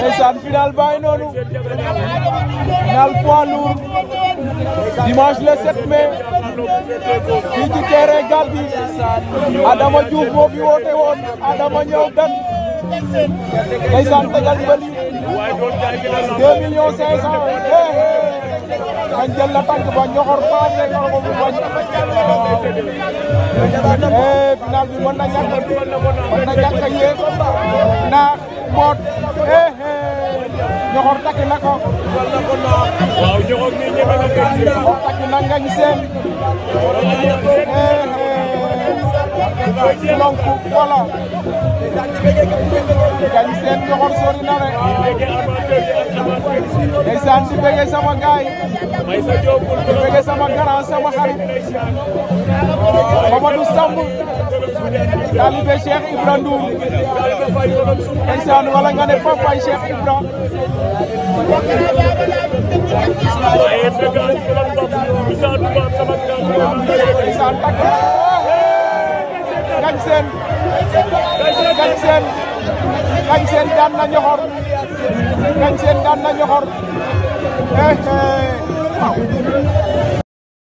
ndeysaan final bàyyi noonu final poids lourd dimanche le 7 mai fii ci terrain Adama Diouf moo woote woon Adama ñëw dan ndeysaan tegal mbëli 2 millions 500 man jël la tànk ba ñoxor ba ne ñoxor ko bu bañ final bi mën na ñàkk mën na ñàkk yéen ndax mboot ñoxor eh, eh. takk na ko waaw ñoxor mi ñeme na ngañ seen ñoxor na ngañ seen donc eh, voilà na rek ndeysaan di bëgg sama Amadou Samb talibé Cheikh Ibra Ndour ndeysaan wala nga ne papaay Cheikh Ibra waaye fekk nañ ko lan bopp bisa du ba sama gaal ndeysaan takk gañ seen gañ seen gañ seen daan na ñoxor gañ seen daan na